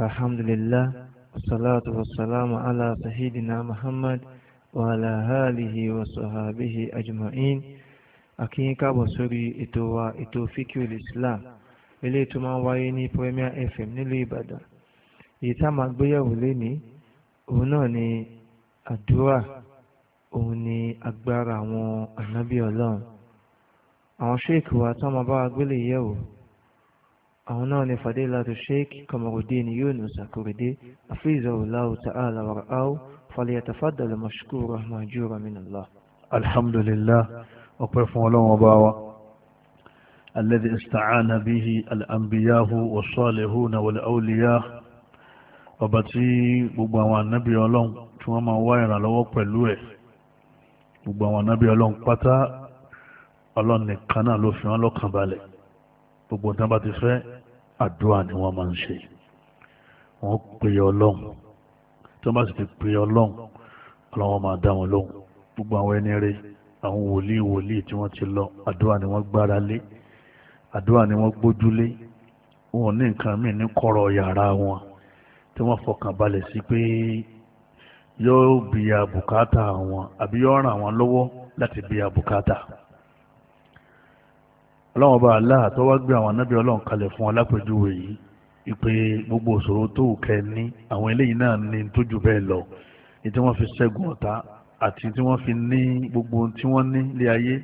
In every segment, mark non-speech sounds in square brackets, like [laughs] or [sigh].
الحمد لله والصلاة والسلام على سيدنا محمد وعلى آله وصحابه أجمعين أكين كابو سوري إتوا إتو فيكيو الإسلام ilé tó máa ń wáyé ní Premier FM nílùú Ìbàdàn èyí tá máa gbéyàwó lénìí òun náà ni àdúrà òun ni agbára àwọn ànábì Ọlọ́run àwọn ṣéèkì wa tá máa bá wa gbélé yẹ̀wò àwọn náà ni fadilatu sheikh kamarudin yunus akuride afizahullahu ta'ala wara'au falyatafaddal mashkura mahjura min allah. alhamdulillah ọpẹ́ fún Ọlọ́run ọba wa alladhi ista'ana bihi al-anbiyahu was-salihuna wal-awliya ọba tí gbogbo àwọn ànábì Ọlọ́run tí wọ́n máa wá ìrànlọ́wọ́ pẹ̀lú ẹ̀ gbogbo àwọn ànábì Ọlọ́run pátá Ọlọ́run nìkan náà ló fi wọ́n lọ́kàn balẹ̀ gbogbo nǹkan bá ti fẹ́ àdúrà ni wọ́n máa ń ṣe wọ́n pe ọlọ́run tí wọ́n bá sì ti pe ọlọ́run ọlọ́run máa dá wọn lóhùn gbogbo àwọn ẹni rẹ àwọn wòlíì wòlíì tí wọ́n ti lọ àdúrà ni wọ́n gbára lé àdúrà ni wọ́n gbójúlé wọn ní nǹkan míì ní kọ̀rọ̀ yàrá wọn tí wọ́n fọkàn balẹ̀ sí pé yóò bí abùkátà wọn àbí yóò ràn wọn lọ́wọ́ láti bí abùkátà ọlọ́wọ́n bá aláà tó wá gbé àwọn anábì ọlọ́run kalẹ̀ fún alápèjúwe yìí ìpè gbogbo òṣòro tó wù kẹ́ ní àwọn eléyìí náà ní tójú bẹ́ẹ̀ lọ ní tí wọ́n fi ṣẹ́gun ọ̀tá àti tí wọ́n fi ní gbogbo tí wọ́n ní lé ayé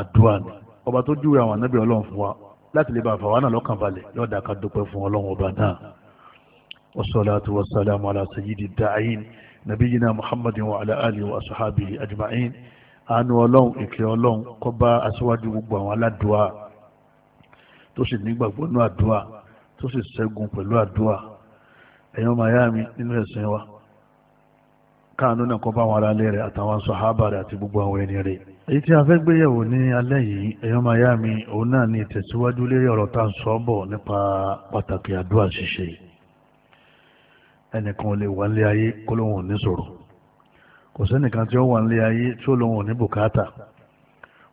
àdúrà ni ọba tó júwe àwọn anábì ọlọ́run fún wa láti lè bá àfàwọn náà lọ́kàn balẹ̀ lọ́dà ká dúpẹ́ fún ọlọ́run ọba náà wasalaatu wasalaamu ala tó sì nígbàgbọ́ nínú àdúrà tó sì ṣẹ́gun pẹ̀lú àdúrà ẹ̀yin ọmọ ayá mi nínú ẹ̀sìn wa káàánú náà kọ́ bá wọn aráalé rẹ̀ àtàwọn sọ̀hábà rẹ̀ àti gbogbo àwọn ẹni rẹ̀ èyí tí a fẹ́ gbéyẹ̀wò ní alẹ́ yìí ẹ̀yin ọmọ òun náà ni ìtẹ̀síwájú lérí ọ̀rọ̀ tá à ń sọ bọ̀ nípa pàtàkì àdúrà ṣíṣe ẹnìkan ò lè wà nílé ayé kó lóun ò ní sọ̀rọ̀ kò sẹ́nìkan tí ó wà nílé ayé tí ó lóun ò ní bùkátà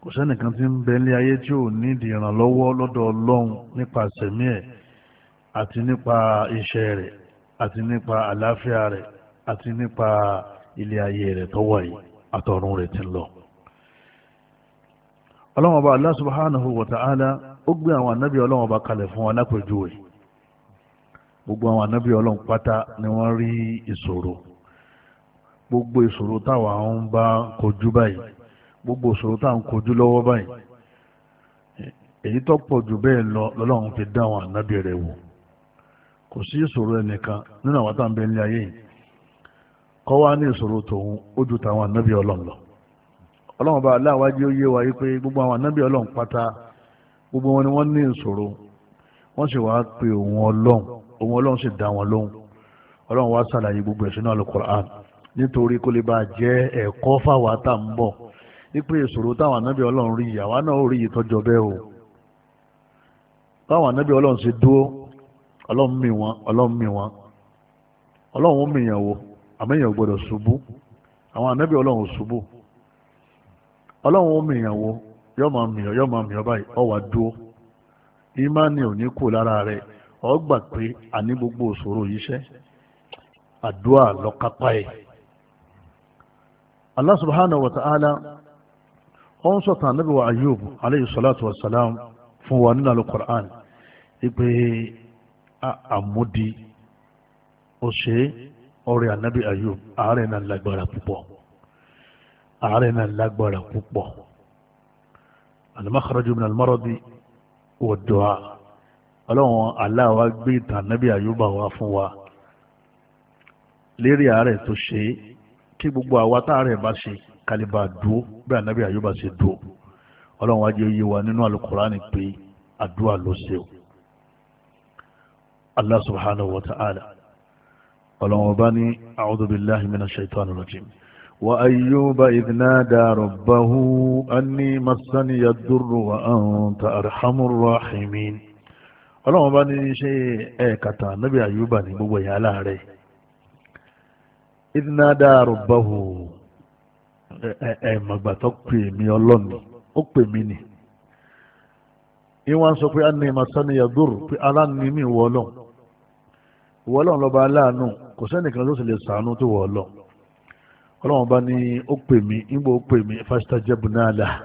kò sẹ́nìkan ti ń bẹ ní ayé tí ò nídìí ìrànlọ́wọ́ lọ́dọ̀ ọlọ́run nípa sẹ̀mí ẹ̀ àti nípa iṣẹ́ rẹ̀ àti nípa àlàáfíà rẹ̀ àti nípa ilé ayé rẹ̀ tó wà yìí àtọ̀run rẹ̀ ti lọ. ọlọ́run ọba Allah subhanahu wa ta'ala ó gbé àwọn ọba gbogbo àwọn ànábì ọlọ́run pátá ni wọ́n rí ìṣòro gbogbo ìṣòro bá kojú báyìí gbogbo òṣòro tá à ń kojú lọ́wọ́ báyìí èyí tó pọ̀ jù bẹ́ẹ̀ lọ lọ́lọ́run fi dá àwọn ànábì rẹ̀ wò kò sí ìṣòro ẹnìkan nínú àwọn tá à ń bẹ ní ayé yìí kọ́ wá ní ìṣòro tòun ó ju tàwọn ànábì ọlọ́run lọ ọlọ́run bá aláwájú ó yé wa yí pé gbogbo àwọn ànábì ọlọ́run pátá gbogbo wọn ni wọ́n ní ìṣòro wọ́n sì wáá pe òun ọlọ́run òun ọlọ́run sì dá wọn lóhùn ọlọ́run wá wípé ìṣòro táwọn ànábì ọlọ́run rí ìyàwó náà ò rí ìtọ́jọ bẹ́ẹ̀ o ọlọ́run ṣe dúró ọlọ́run wọn ọlọrun ọlọ́run mì wọ́n ọlọ́run mì yàn wò ṣubú àwọn ànábì ọlọ́run ṣubú yàn wò máa máa báyìí ọ wà dúró ìmánì ò ní kú lára ọ gbà pé ó ń sọ̀tàn ànábì wa ayub aleyhi salatu wa salam fún wa nínú alukur'an ipe àmúdi ọ̀sẹ̀ ọ̀rẹ́ ànábì ayub àárẹ̀ náà lágbára púpọ̀ àárẹ̀ náà lágbára púpọ̀ alimakharaju min almaradi wa du'a ọlọ́run aláwa gbé ìtàn ànábì ayub wa fún wa lérí àárẹ̀ tó ṣe kí gbogbo àwa tá bá ṣe kálíbà dúó bí ànábì àyùbá ṣe dúó ọlọ́run wájú yé wa nínú alukurani pé àdúrà ló ṣe o allah subhanahu wa ta'ala ọlọ́run ọba ní a'udhu billahi minash shaitani rajim وأيوب إذ نادى ربه أني مسني الضر وأنت أرحم الراحمين ọlọ́run bá ní ṣe ẹ̀ẹ̀kàtà nábì àyùbá ní gbogbo ìyá aláàárẹ̀ إذ نادى ربه ẹ̀ẹ̀mọ̀gbà tó pè mí ọlọ́ni ó pè mí ni ìwọ̀n sọ pé a ní dúró pé aláàánú mi wọ ọlọ́n n'imi ọlọ́n lọ́ba aláàánú kò sẹ́nìkan ló sì lè sàánú tó wọ ọlọ́n ọlọ́wọ́n bá ní ó pè mí nígbà ó pè mí fastajabna lahu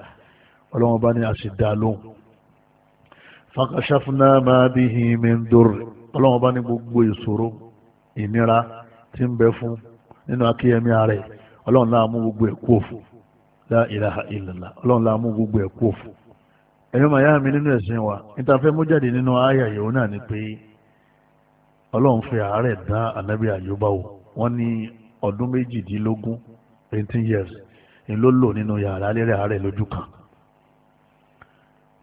ọlọ́wọ́n bá ní àṣìdá lóhùn ma bihi min durr ọlọ́wọ́n bá ní gbogbo ìṣòro ìnira tí ń bẹ fún ọlọ́run náà mú gbogbo ẹ̀ kú òfò la ilaha illallah ọlọ́run náà mú gbogbo ẹ̀ kú òfò ẹ̀yọ́ màá yá nínú ẹ̀sìn wa nítafẹ́ mú jáde nínú àyà yòó náà ni pé ọlọ́run fi àárẹ̀ dán ànábì àyùbá wò wọ́n ní ọdún méjìdínlógún eighteen years ni ló lò nínú yàrá lérè àárẹ̀ lójú kan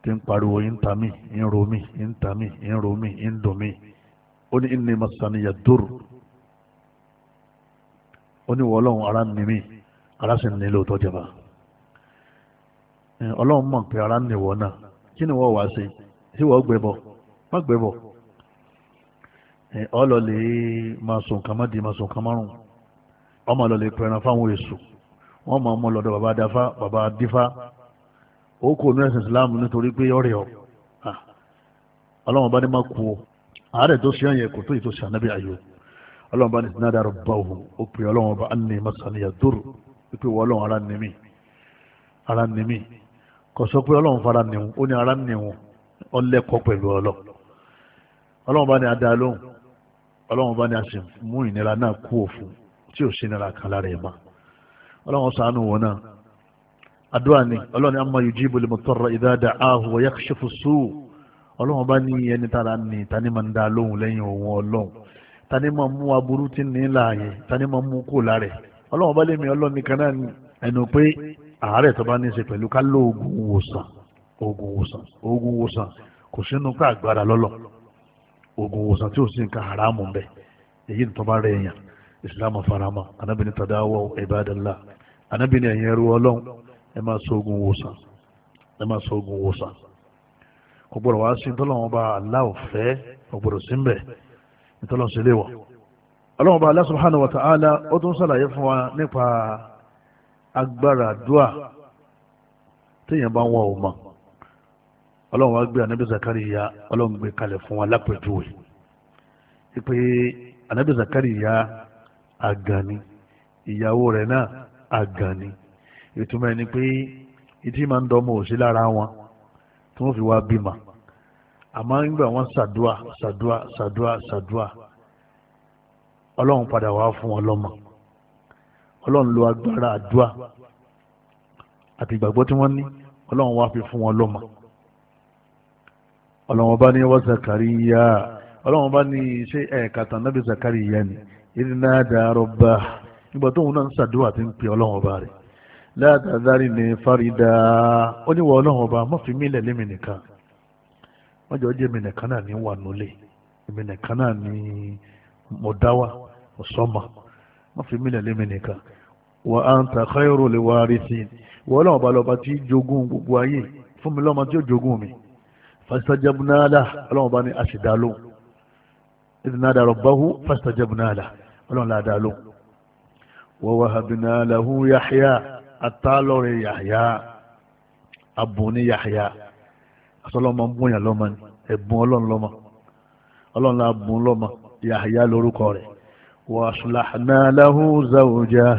tí ń pariwo ń ta mí ń ro mí ń ta mí ń ro mí ń dùn mí ó ní ìnìmọ̀sánìyà oníwọ̀ ọlọ́run ara ń ni mí ara sì ní lóòótọ́ ọlọ́run mọ̀ pé ara ń náà kí ni wọ́n wá sí wọ́n gbé bọ̀ má gbé bọ̀ ọlọ́lẹ̀ máa sùn kàn má di máa sùn kàn márùn ọmọ ọlọ́lẹ̀ pẹ̀ràn fáwọn wọ́n máa lọ́dọ̀ bàbá bàbá Islam nítorí pé ọ̀rẹ́ ọ ọlọ́run bá ní má kú àárẹ̀ tó ṣe àyẹ̀kọ́ ọlọ́run bá ní sinadà rẹ̀ bá òun ó pè ọlọ́run ọba ànní masaniya dúró wípé wọ́n ọlọ́run ara ní mí ara ní mí kò sọ pé ọlọ́run fara ní wọn ó ní ara ní wọn ọlẹ́kọ̀ọ́ pẹ̀lú ọlọ́ ọlọ́run bá ní adá lóhùn ọlọ́run bá ní a mú ìnira náà kú òfin tí ò sí kan lára ẹ̀ má ọlọ́run ṣàánú wọn náà àdúrà ni ọlọ́run ní amma yujibu al-mutarra idha da'ahu wa yakshifu as-su ọlọ́run bá ní ẹni tára ní tani máa ń dá lóhùn lẹ́yìn òun ọlọ́run tani máa mú aburú tí ní láàyè tani máa mú kó lára ọlọ́run bá lè mi ọlọ́run nìkan náà ẹnu pé àárẹ̀ tó bá ní í ṣe pẹ̀lú ká lo oògùn wòsàn oògùn wòsàn oògùn wòsàn kò sínú pé àgbára lọ́lọ́ oògùn wòsàn tí ò sí nǹkan haramu bẹ èyí tó bá rẹ̀ èèyàn islam farama anabini tadawo ibadala anabini ẹ̀yìn ẹrú ọlọ́run ẹ máa so oògùn wòsàn ẹ máa so oògùn wòsàn kò gbọdọ̀ wá sí tọ́lọ́wọ́n bá aláwọ̀ fẹ́ kò gbọdọ̀ sí mbẹ́ ìtọ́lọ́sẹ̀ léwọ̀ ọlọ́run bá Allah subhanahu wa ta'ala ó tún sàlàyé fún wa nípa agbára Dua téèyàn bá ń wọ ọmọ ọlọ́run wa gbé anabi zakariya ọlọ́run gbé kalẹ̀ fún wa lápẹ̀júwe pé anabi zakariya agani ìyàwó rẹ̀ náà agani ìtumọ̀ ẹni pé ìtì máa ń dọ́mọ òsì lára wọn tí wọ́n fi wá bímọ àmọ́ nígbà wọn ṣàdúà ṣàdúà ṣàdúà ṣàdúà ọlọ́run padà wá fún wọn lọ́mọ ọlọ́run lo agbára àdúà àti ìgbàgbọ́ tí wọ́n ní ọlọ́run wá fi fún wọn lọ́mọ ọlọ́run bá ní wọ́n Zakariya ọlọ́run bá ní ṣé ẹ̀ka tán nábì Zakariya ni ìdínà dàrọ́ bá nígbà tóun náà ń ṣàdúà tí ń pè ọlọ́run ọba rẹ̀ látàdárí ní fárídà ó ní wọ́n ọlọ́run ọba mọ́fìmílẹ̀ lémi nìkan wọ́n jọ jẹ́ èmi nìkan náà ní wà nulẹ̀ èmi nìkan náà ní mọ̀dáwà ọ̀sọ́mà wọ́n fi mí lẹ́lẹ́mi nìkan wa anta khayrul warithin wọ́n lọ́wọ́ bá lọ́ba tí jogún gbogbo ayé fún mi lọ́mọ tí ó jogún mi fastajabna lahu ọlọ́wọ́ bá ní àṣìdá lóhùn idna da rabbahu fastajabna lahu ọlọ́wọ́ láàdá lóhùn wa wahabna lahu yahya àtàlọ́rẹ̀ yahya abùn ní yahya àtọ́lọ́mọ ń bóyá lọ́mọ ni ẹ̀bùn ọlọ́run lọ́mọ ọlọ́run náà bùn lọ́mọ Yahya lórúkọ rẹ̀ wa aslahna lahu zawjah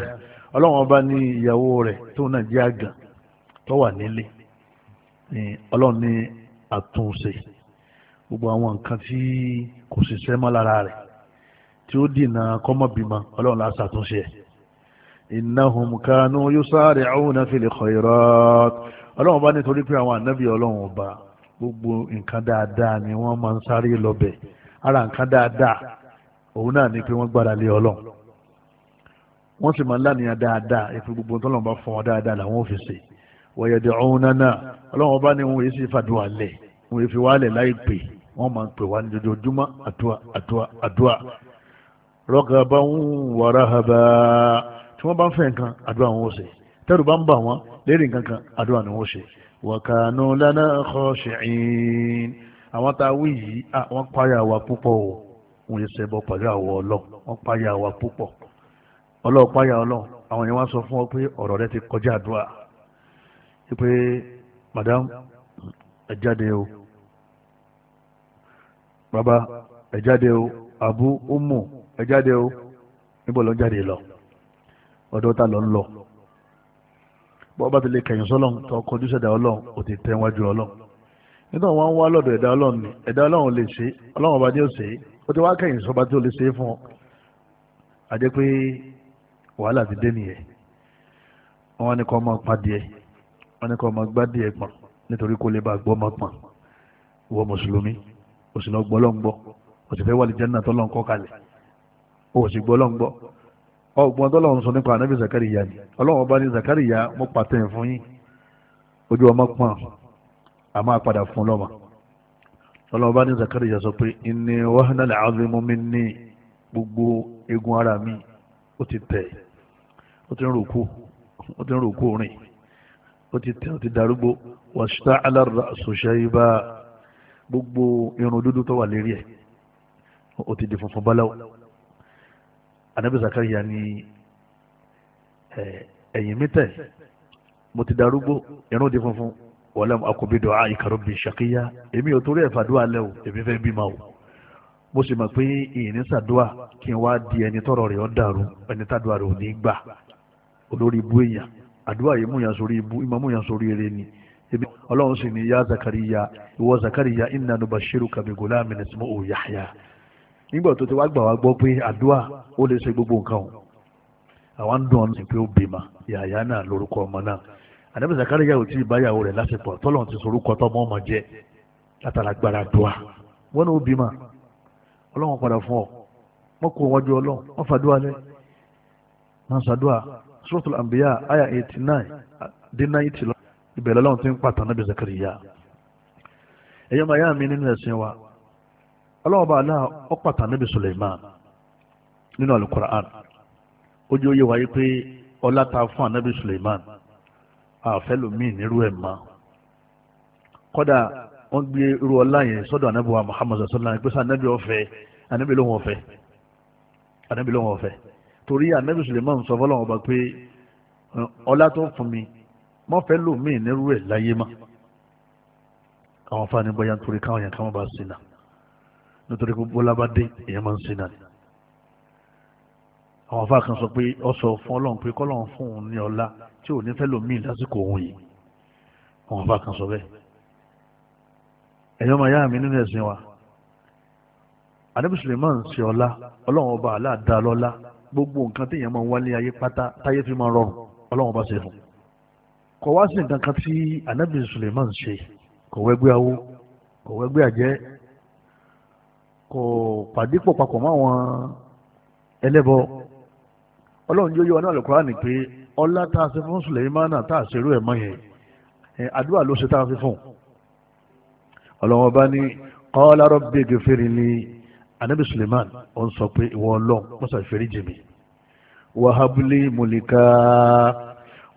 ọlọ́run ọba ní ìyàwó rẹ̀ tó náà jẹ́ àgàn tó wà nílé ọlọ́run ní àtúnṣe gbogbo àwọn nǹkan tí kò sì sẹ́ lára rẹ̀ tí ó dìnnà kọ́mọ́bìmọ ọlọ́run láti àtúnṣe ẹ̀ innahum kanu yusari'una fil khairat ọlọ́run bá nítorí pé àwọn ànábì ọlọ́run ọba gbogbo nǹkan dáadáa ni wọ́n máa ń sáré lọ́bẹ̀ ara nǹkan dáadáa òun náà ni pé wọ́n gbára lé ọlọ́run wọ́n sì máa ń lánìyàn dáadáa ìfi gbogbo tó lọ́nà bá fún wọn dáadáa làwọn ò fi ṣe wọ̀yẹ̀dẹ̀ ọ̀hún náà ọlọ́run ọba ni wọn yìí sì fàdúrà lẹ̀ wọn yìí fi wálẹ̀ láì pè wọ́n máa ń pè wá ní dojoojúmọ́ àdúrà àdúrà àdúrà rọ́gàbá ń wàrà hàbà tí wọ́n bá ń fẹ́ nǹkan àdúrà wọn ò ṣe tẹ́rù bá ń bà wọ́n lérí nǹkan kan àdúrà ni wọ́n ṣe wọ̀kànú lana khashi'in àwọn tá a wí yìí wọ́n páyà wa púpọ̀ o wọ́n yẹn ṣẹbọ pẹ̀lú àwọ̀ ọlọ́ wọ́n páyà wa púpọ̀ ọlọ́ páyà ọlọ́ àwọn yẹn wá sọ fún ọ pé ọ̀rọ̀ rẹ ti kọjá àdúrà pé madam ẹ jáde o baba ẹ jáde o abu umu ẹ jáde o níbo ló ń jáde lọ ọ̀dọ̀ ta ló ń lọ bọ́ọ̀ bá ti lè kẹ̀yìn sọ́lọ́n tó kọjú sẹ́dá ọlọ́run ò ti tẹ́ wájú ọlọ́run nítorí wọn ń wá lọ́dọ̀ ẹ̀dá ọlọ́run ni ẹ̀dá ọlọ́run lè ṣe ọlọ́run ọba ni ó ṣe ó ti wá kẹ̀yìn sọ́ba tí ó lè ṣe é fún ọ àjẹ́ pé wàhálà ti dé nìyẹn wọn ní kọ́ ọmọ padìẹ wọn ní kọ́ ọmọ gbádìẹ pọ̀n nítorí kó lè bá gbọ́ ọmọ pọ̀n wọ mùsùlùmí òsì lọ gbọ́ ọlọ́run òsì fẹ́ wà lè jẹ́ nínú àtọ́lọ́run kọ́ ọgbọ́n tọ́lọ́run sọ nípa ànábì zakariya ni ọlọ́run ọba ní zakariya mo pàtẹ́ fún yín ojú ọmọ pọ́n a máa padà fún lọ́mọ ọlọ́run ọba ní zakariya sọ pé inni wahana al-'azmu minni gbogbo egun ara mi ó ti tẹ̀ ó ti ń ròkú ó ti ń ròkú rìn ó ti tẹ̀ ó ti darúgbó washta'ala ar-ra'su shayba gbogbo irun dúdú tó wà lérí ẹ̀ ó ti di funfun báláwo anabi zakariya ní ẹ̀yìn mi tẹ̀ mo ti darúgbó irun di funfun wọlé akọbi dọ a ìkàrọ bi ṣàkíyá èmi ò torí ẹ̀fà dùn alẹ́ o èmi fẹ́ bímọ o mo sì mọ̀ pé ìyìnrín sàdúà kí n wá di ẹni tọrọ rẹ̀ ọ́ dàrú ẹni tàdúà rẹ̀ ò ní gbà olórí ibú èèyàn àdúrà yìí múyàn sórí ibú ìmọ̀ múyàn sórí eré ni ebi ọlọ́run sì ní ya zakariya ìwọ zakariya inna nubashiruka bi gulamin ismuhu nígbà tó ti wá gbà wá gbọ́ pé àdúrà ó lè ṣe gbogbo nǹkan o àwa ń dùn ọ́n sí pé ó bímọ yàyà náà lórúkọ ọmọ náà ànábì Zakariya ò tí ì báyàwó rẹ̀ lásìkò tọ́lọ̀ ti sorúkọ tọ́mọ ọmọ jẹ́ látàlágbára àdúrà wọn náà bímọ ọlọ́run padà fún ọ wọn kó wọn ọlọ́run wọn fàdúrà lẹ wọn sàdúrà Suratul Anbiya àyà eighty nine dín náà ìtì lọ ìbẹ̀rẹ̀ ọlọ́run ti ń pàtàkì ànábì Zakariya ẹ̀yọ́ màá yá ọlọ́ọ̀bá náà ó pàtà níbi Suleiman nínú alukura'an ojú oyè wáyé pé ọlá ta fún anabi Suleiman àfẹlòmíì nírú ẹ̀ mọ́ kọ́dà wọ́n gbé irú ọlá yẹn sọ́dọ̀ anabi wa Muhammadu sallallahu alaihi wasallam anabi ọ̀fẹ́ anabi ló wọn ọ̀fẹ́ anabi ló ọ̀fẹ́ torí anabi Suleiman sọ fọlọ́wọ́n ọba pé ọlá tó fún mi mọ́ fẹ́ lòmíì nírú ẹ̀ láyé mọ́ àwọn afáàní bọ́yá nítorí káwọn yẹn káwọn bá sí náà nítorí pé bọ́lá bá dé èèyàn máa ń sin náà àwọn afá kan sọ pé ọ sọ fún ọlọ́run pé kọ́lọ́run fún òun ní ọlá tí ò ní fẹ́ lòmíì lásìkò òun yìí àwọn afá kan sọ bẹ́ẹ̀ ẹ̀yọ́ máa yá mi nínú ẹ̀sìn wa ànábì Suleiman ṣe ọlá ọlọ́run ọba aláàdá lọ́lá gbogbo nǹkan téèyàn máa wálé ayé pátá táyé fi máa rọrùn ọlọ́run ọba ṣe fún kọ̀ wá sí nǹkan kan tí ànábì Suleiman ṣe kọ̀ wẹ́gbẹ́ awó kọ̀ wẹ́gbẹ́ àjẹ́ kò pàdépọ̀ papọ̀ mọ́ àwọn ẹlẹ́bọ ọlọ́run yóò yọ ọ náà lọ́kùnrin àná pé ọlá tá a ṣe fún Sùlẹ̀mánà tá a ṣerú ẹ̀ mọ́ yẹn àdúrà ló ṣe tá a fi fún ọlọ́run ọba ní qala rabbi ghfirli anabi Suleiman ó ń sọ pé ìwọ ọlọ́run mọ́sá ìfẹ́rí jèmi wàhábùlé mọ̀lẹ́ká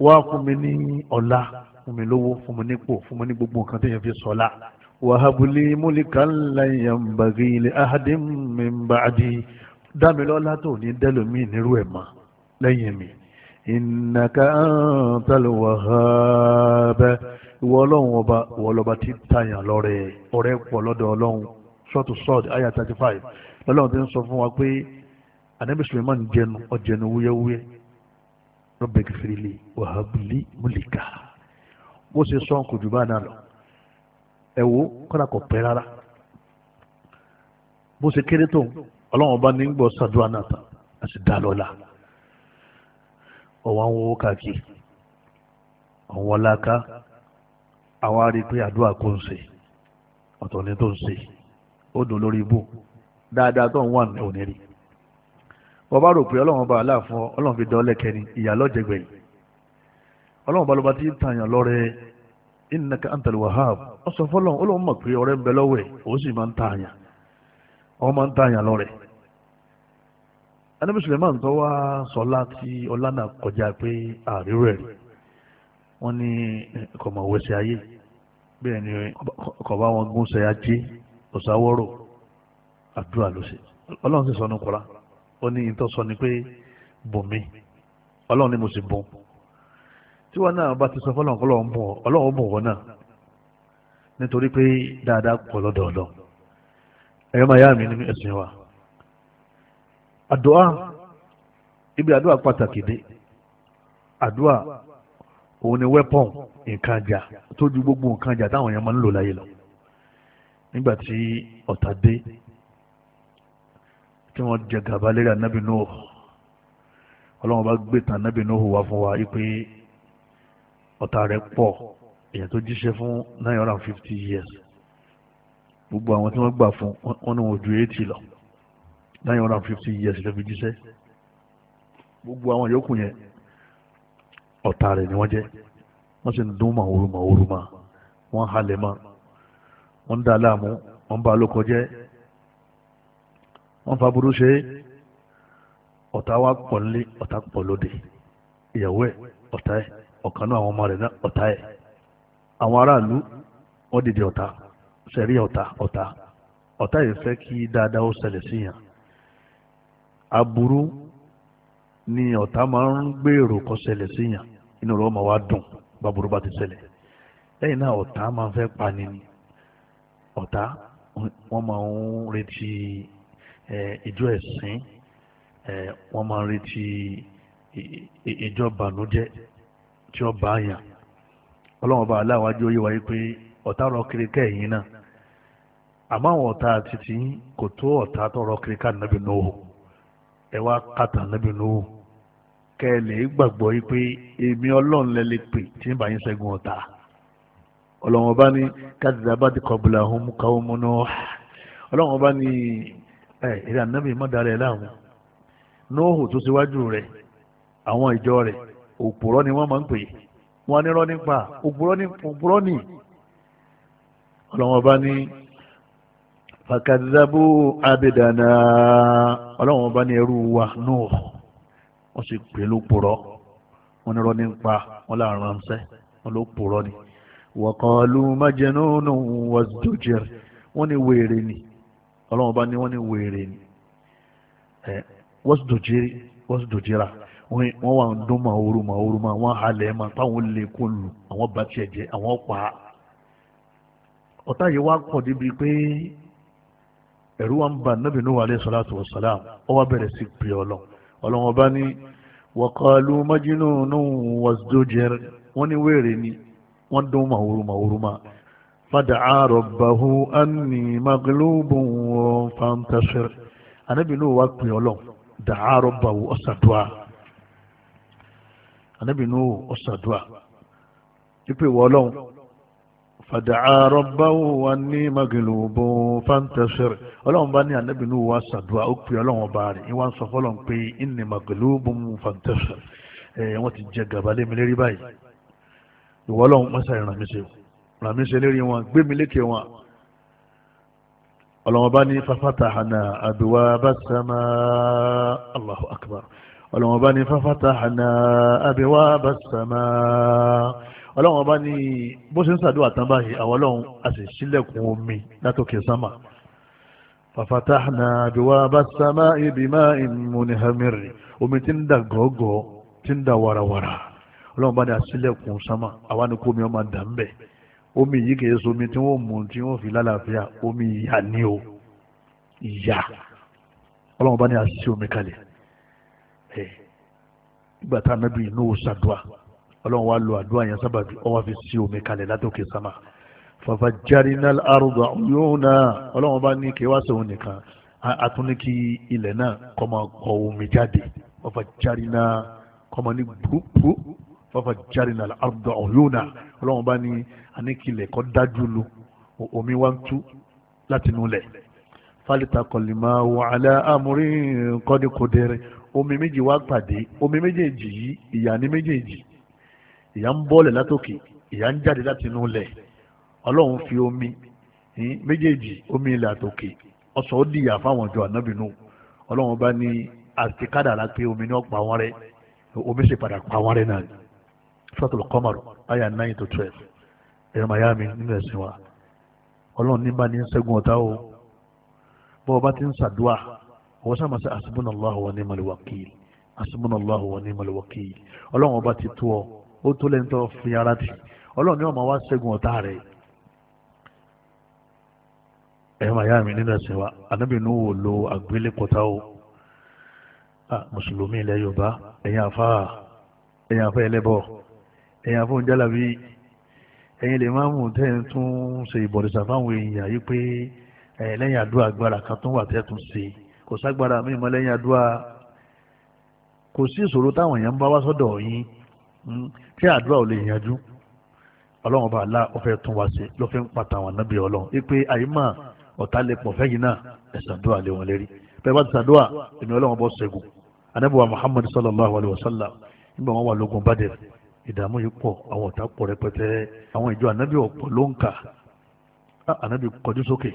wàá fún mi ní ọlá fún mi lówó fún mi nípò fún mi ní gbogbo nǹkan tó yẹn fi sọ́lá wàhábùlì múlìkà ńlá ìyàmbàgì ilẹ̀ ahadin min ba'di dámilọ́lá tó ní dẹ́lòmí nírú ẹ̀ mọ́ lẹ́yìn mi ìnàkà antal wahhab ìwọ ọlọ́run ọba ìwọ ọlọ́ba ti tàyàn lọ́rẹ̀ ọ̀rẹ́ pọ̀ lọ́dọ̀ ọlọ́run sọ́ọ̀tù sọ́ọ̀dì àyà 35 lọ́lọ́run ti ń sọ fún wa pé anabi suleiman jẹnu ọjẹnu wúyẹwúyẹ rọ́bẹ̀kì fìrìlì wàhábùlì múlìkà bó ṣe sọ́ọ̀kù jù bá náà lọ ẹ̀wò kọ́dà pẹ́ rárá bó ṣe kéré tó ọlọ́run ọba ní gbọ́ sàdúrà náà tán a sì dá lọ́la ọ̀wọ́n àwọn káàkiri àwọn ọláka àwọn arí àdúrà kò ń ṣe ọ̀tọ̀ tó ń ṣe ó dùn lórí ibú dáadáa tó ń wà ní òní rí rò pé ọlọ́run ọba aláàfọ́ ọlọ́run innaka antal wahhab ọ sọ fọlọ́n ó lóun mọ̀ pé ọ̀rẹ́ ń bẹ lọ́wọ́ ẹ̀ ó sì ta àyàn ọ máa ń ta àyàn lọ́rẹ̀ ẹni mùsùlùmí tó wá sọlá tí kọjá pé àríwọ̀ ẹ̀ wọ́n ní kọ̀mọ̀wẹ̀sẹ̀ ayé ni kọ̀bá wọn gúnṣẹ́ ajé ọ̀sáwọ́rọ̀ àdúrà ló ṣe sì sọ ni pé bùnmi tí wọn náà bá ti sọ fọlọ́n kọ́ lọ́wọ́ bùn ọlọ́wọ́ bùn wọn náà nítorí pé dáadáa pọ̀ lọ́dọọdọ ẹ̀yọ́ máa yá mi nínú ẹ̀sìn wa àdúrà ibi àdúrà pàtàkì dé àdúrà òun ni wẹ́pọ̀n nǹkan jà tó ju gbogbo nǹkan jà táwọn èèyàn máa ń lò láyé lọ nígbà tí ọ̀tá dé tí wọ́n jẹ gàba lérí ànábì Nuhu ọlọ́run bá gbé tàn ànábì Nuhu wá fún wa yí pé ọ̀tá rẹ̀ pọ̀ èèyàn tó jíṣẹ́ fún nine hundred and fifty years gbogbo àwọn tí wọ́n gbà fún wọn ní wọn ju eighty lọ nine hundred and fifty years ló fi jíṣẹ́ gbogbo àwọn yòókù yẹn ọ̀tá rẹ̀ ni wọ́n jẹ́ wọ́n sì ń dún màwòrò màwòrò mà wọ́n halẹ̀ mà wọ́n ń dá láàmú wọ́n ń bá lóko jẹ́ wọ́n fa burú ṣe ọ̀tá wa pọ̀ nílé ọ̀tá pọ̀ lóde ìyàwó ẹ̀ ọ̀tá ẹ̀. ọ̀kan náà àwọn ọmọ rẹ̀ náà ọ̀tá ẹ̀ àwọn aráàlú wọ́n dìde ọ̀tá ọta. ọ̀tá ọ̀tá ọ̀tá yìí fẹ́ kí dáadáa ó ṣẹlẹ̀ sí Aburu aburú ni ọ̀tá máa ń gbèrò kó ṣẹlẹ̀ sí inú rẹ̀ ọmọ wa dùn bàbúrò bá ti ṣẹlẹ̀ lẹ́yìn náà ọ̀tá máa fẹ́ pani ni ọ̀tá wọ́n máa ń retí ìjọ tí ó bá ọlọ́wọ́n bá aláwájú yé wáyé pé ọ̀tá ọ̀rọ̀ kiri náà àmọ́ àwọn ọ̀tá títí kò tó ọ̀tá tó rọ nàbì nùhù ẹ wá kàtà nàbì nùhù kẹ ẹ lè gbàgbọ́ yìí pé èmi ọlọ́run pè ọ̀tá ọlọ́wọ́n bá ní ọlọ́wọ́n bá ní òpùrọ́ ni wọ́n máa ń pè wọ́n nírọ́ nípa òpùrọ́ ni òpùrọ́ ni ọlọ́wọ́n bá ní fàkàdàbò abidana ọlọ́wọ́n bá ní ẹrú wa náà wọ́n sì pè lópùrọ́ wọ́n nírọ́ nípa wọ́n láàrin ránṣẹ́ wọ́n lópùrọ́ ni wọ́kọ̀ọ́lù májẹ̀núnù wọ́sdójẹ́rì wọ́n ní wèrè ni ọlọ́wọ́n bá ní wọ́n ní wèrè ni wọ́sdójẹ́rì wọ́sdójẹ́rà wọ́n wà ń dún màhóró màhóró mà wọ́n halẹ̀ mà táwọn lè kó lù àwọn bá tiẹ̀ jẹ́ àwọn pa á ọ̀tá yìí wá pọ̀ débi pé ẹ̀rú wa ń ba nàbì Nuhu alayhi salatu wa salam wá bẹ̀rẹ̀ sí pè ọlọ ọlọ́wọ́n bá ní wa qalu majnunun wazdujir wọ́n ní wéèrè ni wọ́n dún màhóró màhóró mà fada'a rabbahu anni maglubun fantasir ànábì Nuhu wá pè ọlọ da'a rabbahu ọ̀sàdùà anabi nu ọ̀sàdùà ipe ìwọ ọlọ́run fàdàá rọ́báwò wa ní magilùbọ̀ fàǹtẹ̀sẹ̀rẹ̀ ọlọ́run bá ní anabi nu wa sàdùà ó pè ọlọ́run ọba rẹ̀ ìwà ń sọ fọlọ́n pé ìní magilùbọ̀ fàǹtẹ̀sẹ̀rẹ̀ ẹ̀ wọ́n ti jẹ gàba lé mi lérí báyìí ìwọ ọlọ́run mọ́sá ìràn mi ṣe ràn mi lérí wọn gbé mi lékè wọn ọlọ́run bá ní fafatahana àdùwà bá Allahu akbar ọlọ́wọ́n bá ní fafatahna abwaba as-samaa ọlọ́wọ́n bá ní bó ṣe ń sàdúrà tán báyìí àwọn ọlọ́run a sì ṣílẹ̀kùn omi látòkè sámà fafatahna abwaba as-samaa'i bima'in munhamir omi tí ń dà gọ́gọ́ tí ń dà warawara ọlọ́wọ́n bá ní a ṣílẹ̀kùn sámà àwa ni kó omi ọmọ dà ń bẹ̀ omi yìí kìí so omi tí wọ́n mú tí wọ́n fi lálàáfíà omi ìyà ni o ìyà ọlọ́wọ́n bá ní a omi kalẹ̀ ẹ̀ ìgbà tá anábì inú ṣàdúà ọlọ́run wa lo àdúà yẹn sábàbí ọwọ́ fi sí omi kalẹ̀ látòkè sámà fàfà jarina arúgbó yóò náà ọlọ́run bá ní kí wá sóun nìkan atúní kí ilẹ̀ náà kọ́ máa kọ omi jáde fàfà jarina kọ́ máa ní gbúgbú fàfà jarina arúgbó yóò náà ọlọ́run bá ní aníkilẹ̀ kọ́ dájú lu omi wa ń tú látinú lẹ̀ fálítà kọ̀lìmọ̀ wàhálà amúrí kọ́díkọ́dẹ́rẹ́ omi méjì wá pàdé omi méjèèjì yìí ìyá ní méjèèjì ìyá ń bọ́ọ̀lẹ̀ látòkè ìyá ń jáde láti inú lẹ̀ ọlọ́run fi omi méjèèjì omi ilẹ̀ àtòkè ọ̀sọ̀ ó dìyà fáwọn ọjọ́ ànábìnú ọlọ́run bá ní àti kádàrá pé omi náà pa wọ́n rẹ́ omi sì padà pa wọ́n rẹ́ náà sọ́tò kọ́mọ̀rù àyà nine to twelve ẹ̀rọ màyà mi nínú ẹ̀sìn wa ọlọ́run ní bá ní ṣẹ́gun ọ̀tá o bọ́ọ̀ bá ti ń ṣàdúà wọ́n sábà sẹ́ asibunallahu wa ni maliwakil asibunallahu wa ni maliwakil ọlọ́run ọba ti tó ọ ó tó lẹ́ni tó fi ara tì ọlọ́run ni wọ́n máa wá ṣẹ́gun ọ̀tá rẹ̀ ẹ̀yọ́ màá yá mi nínú ẹ̀sìn wa anábì inú wo lo àgbélépọ̀tà o mùsùlùmí ilẹ̀ yorùbá ẹ̀yin àfa ẹ̀yin àfa ẹlẹ́bọ̀ ẹ̀yin àfa òǹjálàbí ẹ̀yin lè máa mú tẹ́ tún ṣe ìbọ̀rìṣà fáwọn èèyàn yìí pé ẹ̀yìn lẹ́yìn àdúrà agbára kan tó wà tẹ́ tún ṣe kò ságbára mi mọ́ lẹ́yìn àdúrà kò sí ìṣòro táwọn èèyàn ń bá wá sọ́dọ̀ yín tí hmm? àdúrà ò lè yanjú ọlọ́run bá la ọ̀fẹ́ tún wá sí ló fi ń pàtà àwọn ànábì ọlọ́run ipe àyímọ̀ ọ̀tá lè pọ̀ fẹ́yìn náà ẹ̀sìn àdúrà lé wọn lérí bẹ́ẹ̀ bá ti sàdúrà èmi ọlọ́run bọ́ ṣẹ́gun anábìwá muhammad sallallahu alayhi wa sallam nígbà wọn wà lógun badr ìdààmú yìí pọ̀ àwọn ọ̀tá pọ̀ rẹpẹtẹ àwọn ìjọ ànábì ọ̀pọ̀ ló ń kà ah, ànábì kọjú sókè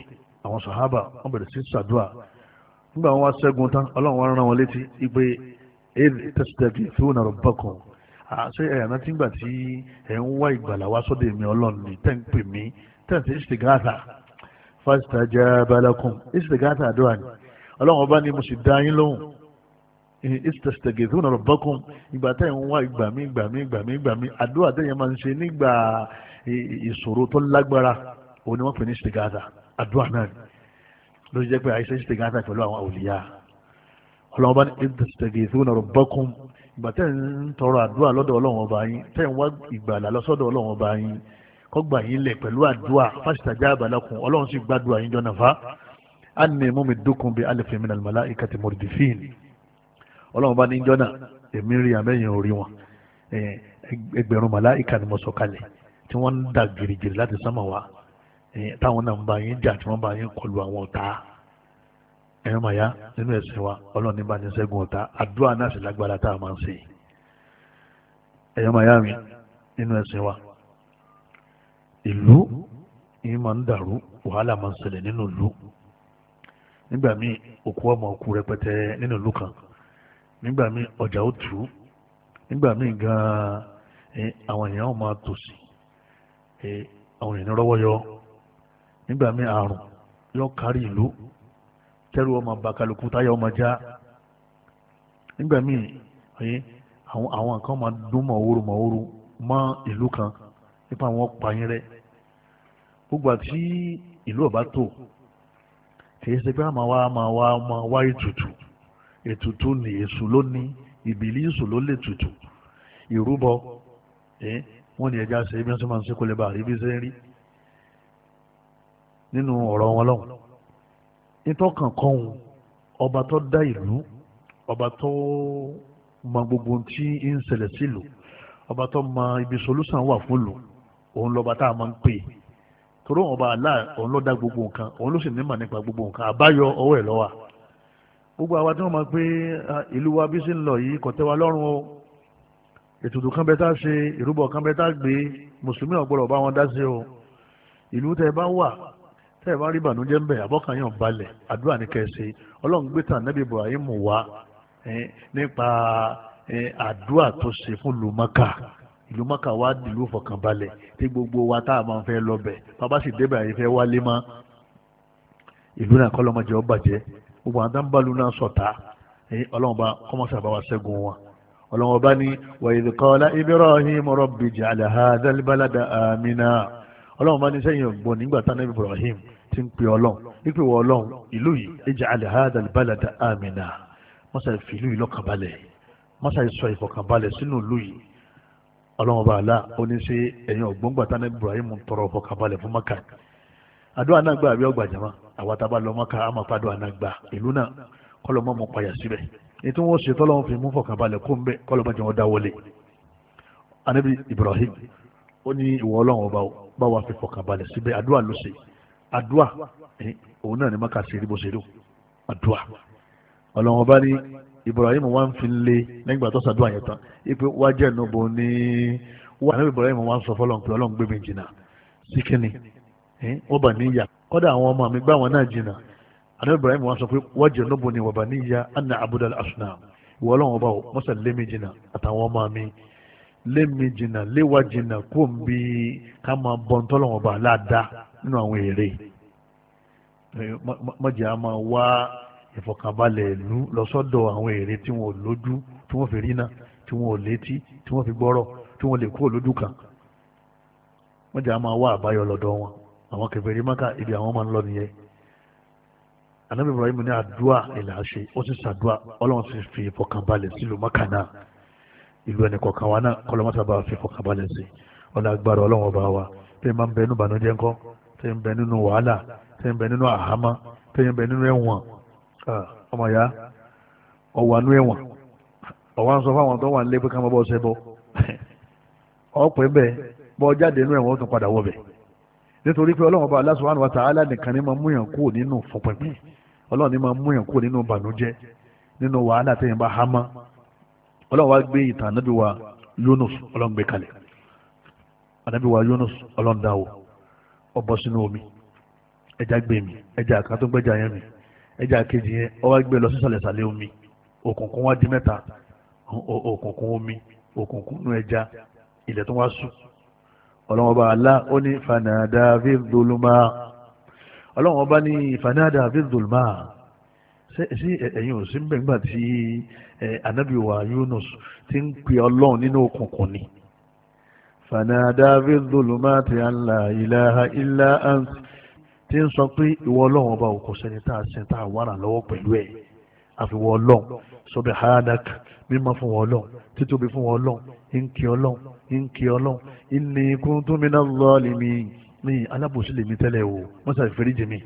àwọn sàhábà wọn bẹ̀rẹ̀ sí sàdúrà nígbà wọn wá ṣẹ́gun tán ọlọ́run wọn rán wọn létí ipe èdè tẹ́sítẹ́kì tí ó nàró bọ́kàn àṣẹ ẹ̀yànà tí gbà tí ẹ̀ ń wá ìgbàlà wá sọ́dọ̀ èmi ọlọ́run ní tẹ́ ń pè mí tẹ́ ń ṣe ìṣègáàtà fastajaba lakum ìṣègáàtà àdúrà ni ọlọ́run ọba ni mo sì dá yín lóhùn ìṣègáàtà rabbakum ìgbà tẹ́ ń wá ìgbà mí ìgbà mí ìgbà mí ìgbà mí àdúrà tẹ́yẹn máa ń ṣe nígbà ìṣòro tó lágbára òun ni wọ́n pè ní ìṣègáàtà àdúrà náà ló jẹ́ pé àìsàn ìṣègùn àti pẹ̀lú àwọn àwòlíyà ọlọ́run bá ní ìdìsẹ̀gì ìṣúná rẹ̀ bọ́kún ìgbà tẹ́ ń tọrọ àdúrà lọ́dọ̀ ọlọ́run ọba yín tẹ́ ń wá ìgbàlà lọ́sọ́dọ̀ ọlọ́run ọba yín kọ́gbà yín lẹ̀ pẹ̀lú àdúrà fásitàjà àbàlàkùn ọlọ́run sì gbàdúrà yín jọ́nà fa á ní mú mi dúkùn bí alẹ́ fèmí nàlùmọ́lá ìkàtí mọ̀rìdìfín ọlọ́run bá ní táwọn náà ń bá yín jà tí wọ́n bá yín kọlu àwọn ọ̀tá ẹ̀rọ màyá nínú ẹ̀sìn wa ọlọ́ọ̀ni bá ní ṣẹ́gun ọ̀tá àdúrà náà sì lágbára tá a máa ń ṣe ẹ̀rọ màyá mi nínú ẹ̀sìn wa ìlú yìí máa ń dàrú wàhálà máa ń ṣẹlẹ̀ nínú ìlú nígbà míì òkú ọmọ òkú rẹpẹtẹ nínú ìlú kan nígbà míì ọjà ó tù ú nígbà míì gan-an àwọn èèyàn máa tòṣì àwọn èèyàn rọ́wọ́ yọ nígbà míì àrùn yóò kárí ìlú kẹrù ọmọ bàkàlùkù táyà ọmọ já nígbà míì ẹyẹ àwọn àwọn kan máa dún mọ̀wóró mọ̀wóró mọ́ ìlú kan nípa àwọn pààyàn rẹ gbogbo àti ìlú ọba tó kìí ṣe pé àmọ́ wa máa wá máa wá ètùtù ètùtù ní èṣù lónìí ìbílí èṣù ló lè tutù ìrúbọ wọn ni ẹja ṣe bí wọn ṣe máa ń ṣe kó bá rí bí ń rí nínú ọ̀rọ̀ wọn lọ́wọ́ nítọ́kàn kan ọba tó dá ìlú ọba tó mọ gbogbo tí ń ṣẹlẹ̀ sílùú ọba tó mọ ibi solúsàn wà fún lò òun lọ́ba tá a máa ń pè é torí ọba àlá òun ló dá gbogbo nǹkan òun ló sì nímọ̀ nípa gbogbo nǹkan àbáyọ ọwọ́ ẹ̀ lọ́wọ́ gbogbo àwa tí wọ́n máa pé ìlú wa bí sí ń lọ yìí kò tẹ́ lọ́rùn o ètùtù kan bẹ́ẹ̀ tá a ṣe ìrúbọ kan bẹ́ẹ̀ tá a gbé mùsùlùmí ọ̀gbọ́dọ̀ bá wọn dá sí o ìlú tẹ́ bá wà tẹ́ ẹ̀ bá rí ìbànújẹ́ ń bẹ̀ àbọ̀kànyàn balẹ̀ àdúrà ní kẹsì ọlọ́run gbé tàn nẹ́bí Ibrahim wá nípa àdúrà tó ṣe fún lùmọ́kà wá dìlú fọkànbalẹ̀ tí gbogbo wa tá a máa fẹ́ bàbá sì débẹ̀ àyè fẹ́ wálé mọ́ ìlú náà kọ́ lọ́mọdé gbogbo àwọn dáńbàlú náà sọ̀tá ọlọ́run bá kọ́mọ́sà bá wa wọn ọlọ́run bá ní wa Ibrahim rabbi ij'al hadha al amina ọlọ́run bá ní sẹ́yìn ọ̀gbọ́n nígbà tí ń pè ọlọ́run wípé wọ ọlọ́run ìlú yìí ij'al hadha al-balada amina mọ́sá ìfìlú yìí lọ́kànbalẹ̀ mọ́sá ìsọ ìfọkànbalẹ̀ sínú ìlú yìí ọlọ́run ọba àlá oníṣe ẹ̀yìn ọ̀gbọ́ngbà tánà Ibrahim ń tọrọ ìfọkànbalẹ̀ fún Maka àdúrà náà gbà àbí ọgbà jama àwa tá a bá lọ Maka àmọ́ pàdó àná gbà ìlú náà kọ́lọ́ mọ́ mọ́ payà síbẹ̀ ètò wọn ṣe tọ́lọ́wọ́n fi mú fọkànbalẹ̀ kó ń bẹ kọ́lọ́ mọ́ jẹ́ wọn dá wọlé anabi Ibrahim ó ní ìwọ ọlọ́run ọba bá wa fi fọkànbalẹ̀ síbẹ̀ àdúrà ló ṣe àdúà òun náà ni maka ṣe rí bó ṣe o àdúà ọlọ́run ọba ní ibrahim wà ń fi lé nígbà tó ṣàdúà yẹn tán ipe wá jẹ́ ìnúbo ní wà ní ibrahim wà ń sọ fọlọ́n pé ọlọ́run gbé mi jìnnà sí kínni wọ́n bà níyà kọ́dà àwọn ọmọ mi gbá wọn náà jìnnà àná ibrahim wà ń sọ pé wá jẹ́ ìnúbo ní wà bà níyà anna abudul asnam ìwọ ọlọ́run ọba mọ́sálẹ́mí jìnnà àtàwọn ọmọ mi lémi jìnnà léwa jìnnà kó n bí ká máa bọ́ ntọ́lọ́wọ́n bá aláàdá nínú àwọn èrè mọ̀jẹ̀ á máa wá ìfọ̀kànbalẹ̀ ìlú lọ́sọ́dọ̀ àwọn èrè tí wọ́n lójú tí wọ́n fi rí náà tí wọ́n ò létí tí wọ́n fi gbọ́rọ̀ tí wọ́n lè kúrò lójú kan mọ̀jẹ̀ á máa wá àbáyọ lọ́dọ̀ wọn àwọn kèfèrí Mákà ibi àwọn máa ń lọ nìyẹn Ànábì Ibrahim ní àdúà ìlà ìlú ẹnì kọ̀ọ̀kan wa náà kọlọ́mọ́sá bá fi fọkàn balẹ̀ sí ọ̀nà agbára ọlọ́wọ́n bá wa tẹ́ máa ń bẹ nínú ìbànújẹ́ ńkọ́ tẹ́ ń bẹ nínú wàhálà tẹ́ ń bẹ nínú àhámọ́ tẹ́ ń bẹ nínú ẹ̀wọ̀n ọmọ ya ọ̀wà nú ẹ̀wọ̀n ọ̀wà ń sọ fáwọn tó wà lé pé ká má bọ́ ṣe bọ́ ọ̀pẹ́ [laughs] bẹ́ẹ̀ bọ́ jáde nínú ẹ̀wọ̀n ó ọlọ́run wá gbé ìtàn ànábì wa Yunus ọlọ́run gbé kalẹ̀ ànábì wa Yunus ọlọ́run dáwò ó bọ́ sínú omi ẹja gbé mi ẹja àkàtúngbẹ́jà yẹn mi ẹja kejì yẹn ó wá gbé lọ sísàlẹ̀sàlẹ̀ omi òkùnkùn wá di mẹ́ta òkùnkùn omi òkùnkùn nú ẹja ilẹ̀ tó wá sùn ọlọ́run ọba alá ó ní fanada fi doluma ọlọ́run ọba ní fanada fi doluma sí ẹ̀yin ò sí bẹ́ẹ̀ nígbà tí anábìwá Yunus ti ń pè ọlọ́run nínú òkùnkùn ni. fanada fi zulumati alla ilaha illa ant ti ń sọ pé ìwọ ọlọ́run ọba òkò sẹ́ni tá a sẹ́ tá a wàrà lọ́wọ́ pẹ̀lú ẹ̀ àfiwọ́ ọlọ́run subhanak mímọ́ fún wọn ọlọ́run títóbi fún wọn ọlọ́run ìǹkì ọlọ́run ìǹkì ọlọ́run inni kuntu minaz zalimin ní alábòsí mi tẹ́lẹ̀ o wọ́n ṣàfẹ́rí jẹ mi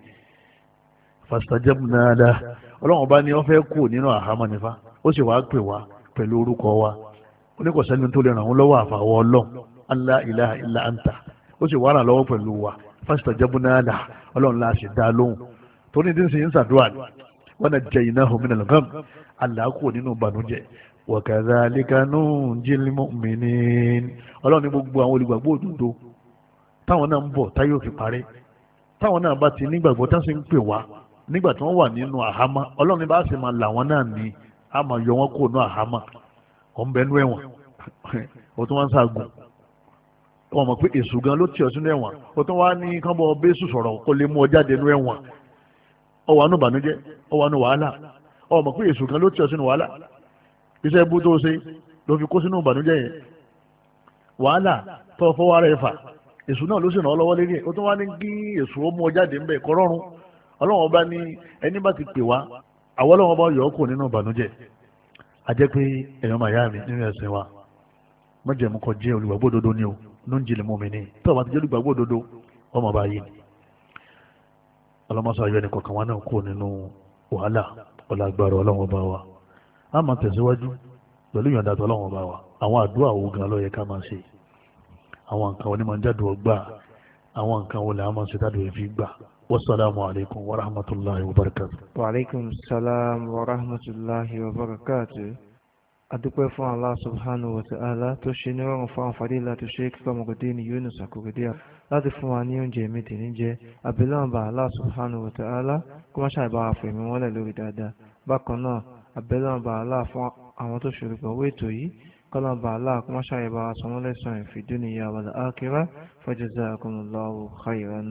fastajabna lah ọlọ́run ọba ni wọ́n fẹ́ kú nínú àhámọ́ nífa ó sì wá pè wá pẹ̀lú orúkọ wa oníkọ̀sẹ́ni tó lè ràn wọ́n lọ́wọ́ àfàwọ́ ọlọ́run allah ilaha illa anta ó sì wá ràn lọ́wọ́ pẹ̀lú wa fastajabna lah ọlọ́run la sì dá lóhùn torí dín sí sàdúrà ni wa najjaynahu minal gham àlá kú nínú ìbànújẹ́ wa kadhalika nunjil mu'minin ọlọ́run ní gbogbo àwọn olùgbàgbọ́ òdodo táwọn náà ń bọ̀ táyọ̀ fi parí táwọn náà bá ti nígbàgbọ́ tá nígbà tí wọ́n wà nínú ọlọ́run bá sì máa náà ní a máa yọ ẹ̀wọ̀n [laughs] wọn mọ̀ pé èṣù gan ló tiọ̀ sínú ẹ̀wọ̀n o tún wá ní kánbọ̀ bẹ́sù sọ̀rọ̀ kó lè mú ọ jáde nú ẹ̀wọ̀n wà nù bànújẹ́ wà nù wàhálà mọ̀ pé èṣù gan ló tiọ̀ sínú wàhálà iṣẹ́ ibú tó ṣe ló fi kó sínú bànújẹ́ yẹn wàhálà tó fọwọ́ ara ẹ̀ fà èṣù náà ló sì lọ́wọ́ ọlọ́run ọba ní ẹni bá ti pè wá àwọn ọlọ́run ọba yọ̀ kù nínú ìbànújẹ́ àjẹ́ pé ẹ̀yọ́ máa yá mi nínú ẹ̀sìn wa mọ̀jẹ̀mú kọ jẹ́ olùgbàgbọ́ òdodo ni o ló ń jìnlẹ̀ mú mi ní tó bá ti jẹ́ olùgbàgbọ́ òdodo ọmọ bá yé ni ọlọ́mọṣọ ayọ́ ẹnìkan kan wá náà kù nínú wàhálà ọ̀làgbàrọ̀ ọlọ́run ọba wa a máa tẹ̀síwájú pẹ̀lú ìyọ̀ǹda tó ọlọ́run ọba wa àwọn àdúrà wo gan àwọn nǹkan wo làwọn máa ń ṣe tádùn ìfi gbà wasalaamu alaykum wa rahmatulahi wa barakatu. wa aleykum salaam wa rahmatulahi wa barakatu. adúpẹ́ fún allah subhanahu wa ta'ala tó ṣe ní rọrùn fún àǹfààní láti ṣe kíkọ́ ọmọkùnrin ní yunus akurudíà láti fún wa ní oúnjẹ mi tì ní jẹ abilọ́nba allah subhanahu wa ta'ala kó má ṣàìbá àfẹ̀mí wọlé lórí dáadáa bákan náà abilọ́nba allah fún àwọn tó ṣòro pẹ̀lú ètò yìí قلم بعلاء كما شعب عصم الله في الدنيا والآخرة فجزاكم الله خيرا